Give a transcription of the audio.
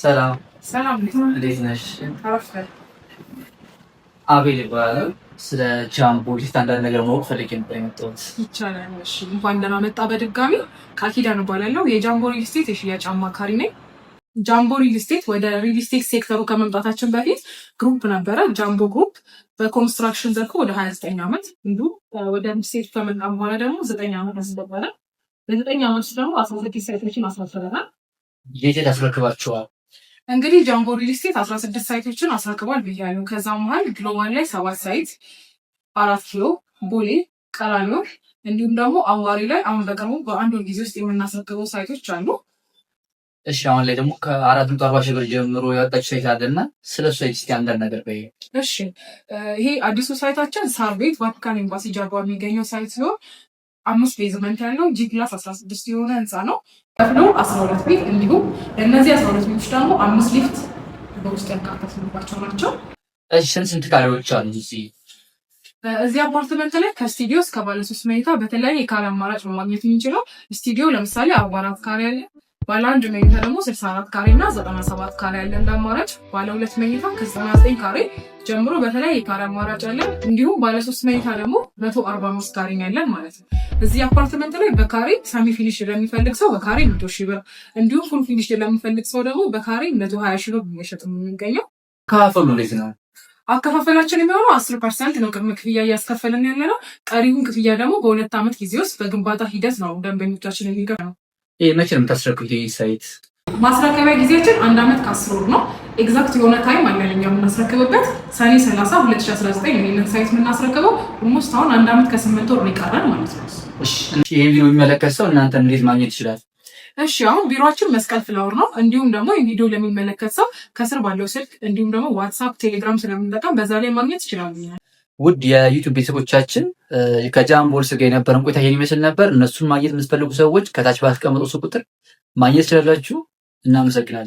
ሰላም ሰላም፣ እንዴት ነሽ? አቤል ይባላል። ስለ ጃምቦ ሊስት አንዳንድ ነገር ማወቅ ፈልጌ ነበር የመጣሁት። ይቻላል። እሺ፣ እንኳን ደህና መጣ። በድጋሚ ካኪዳን እባላለሁ። የጃምቦ ሪል ስቴት የሽያጭ አማካሪ ነኝ። ጃምቦ ሪል ስቴት ወደ ሪል ስቴት ሴክተሩ ከመምጣታችን በፊት ግሩፕ ነበረ። ጃምቦ ግሩፕ በኮንስትራክሽን ዘርፎ ወደ ሀያ ዘጠኝ ዓመት ወደ ሪል ከመጣ በኋላ ደግሞ ዘጠኝ ዓመት አስደበረ። በዘጠኝ ዓመት ደግሞ አስራ ዘጠኝ ሳይቶችን አስረክበናል። የት አስረክባችኋል? እንግዲህ ጃምቦ ሪል ስቴት አስራ ስድስት ሳይቶችን አስረክቧል ብያለሁ። ከዛ መሀል ግሎባል ላይ ሰባት ሳይት፣ አራት ኪሎ፣ ቦሌ፣ ቀራኒዮ እንዲሁም ደግሞ አዋሪ ላይ አሁን በቅርቡ በአንድ ወር ጊዜ ውስጥ የምናስረክበው ሳይቶች አሉ። እሺ አሁን ላይ ደግሞ ከአራት መቶ አርባ ሺህ ብር ጀምሮ የወጣች ሳይት አለና ስለ እሱ ሳይት እስኪ አንዳንድ ነገር በይ። እሺ ይሄ አዲሱ ሳይታችን ሳር ቤት ቫቲካን ኤምባሲ ጀርባ የሚገኘው ሳይት ሲሆን አምስት ቤዝመንት ያለው ጂ ፕላስ 16 ስድስት የሆነ ህንፃ ነው። ከፍሎ 12 ሁለት ቤት እንዲሁም ለእነዚህ 12 ቤቶች ደግሞ አምስት ሊፍት በውስጥ ያካተትንባቸው ናቸው። ስንት ካሬዎች አሉ? እዚህ አፓርትመንት ላይ ከስቱዲዮ እስከ ባለሶስት መኝታ በተለያየ የካሬ አማራጭ ማግኘት የሚችለው ስቱዲዮ ለምሳሌ አርባ አራት ካሬ አለ ባለ አንድ መኝታ ደግሞ 64 ካሬ እና 97 ካሬ ያለ እንደ አማራጭ፣ ባለ ሁለት መኝታ ከ99 ካሬ ጀምሮ በተለያየ ካሬ አማራጭ ያለን፣ እንዲሁም ባለ ሶስት መኝታ ደግሞ 145 ካሬ ያለን ማለት ነው። እዚህ አፓርትመንት ላይ በካሬ ሰሚ ፊኒሽ ለሚፈልግ ሰው በካሬ 100 ሺህ ብር እንዲሁም ፉል ፊኒሽ ለሚፈልግ ሰው ደግሞ በካሬ 120 ሺህ ብር የሚሸጥ የሚገኘው። ከፋፈሉ እንዴት ነው? አከፋፈላችን የሚሆነው አስር ፐርሰንት ነው ቅድመ ክፍያ እያስከፈልን ያለ ነው። ቀሪውን ክፍያ ደግሞ በሁለት ዓመት ጊዜ ውስጥ በግንባታ ሂደት ነው ደንበኞቻችን የሚገ ነው። መቼ ነው የምታስረክቡት? ሳይት ማስረከቢያ ጊዜያችን አንድ ዓመት ከአስር ወር ነው። ኤግዛክት የሆነ ታይም አለለኛ የምናስረክብበት ሰኔ 30 2019 ይህንን ሳይት የምናስረክበው ኦልሞስት አሁን አንድ ዓመት ከስምንት ወር ይቀራል ማለት ነው። ይህ ቪዲዮ የሚመለከት ሰው እናንተ እንዴት ማግኘት ይችላል? እሺ አሁን ቢሮችን መስቀል ፍላወር ነው። እንዲሁም ደግሞ ቪዲዮ ለሚመለከት ሰው ከስር ባለው ስልክ እንዲሁም ደግሞ ዋትሳፕ፣ ቴሌግራም ስለምንጠቀም በዛ ላይ ማግኘት ይችላል። ውድ የዩቱብ ቤተሰቦቻችን ከጃን ቦልስ ጋር የነበረን ቆይታ ይሄን ይመስል ነበር። እነሱን ማግኘት የምትፈልጉ ሰዎች ከታች ባስቀመጠው ቁጥር ማግኘት ትችላላችሁ። እናመሰግናለን።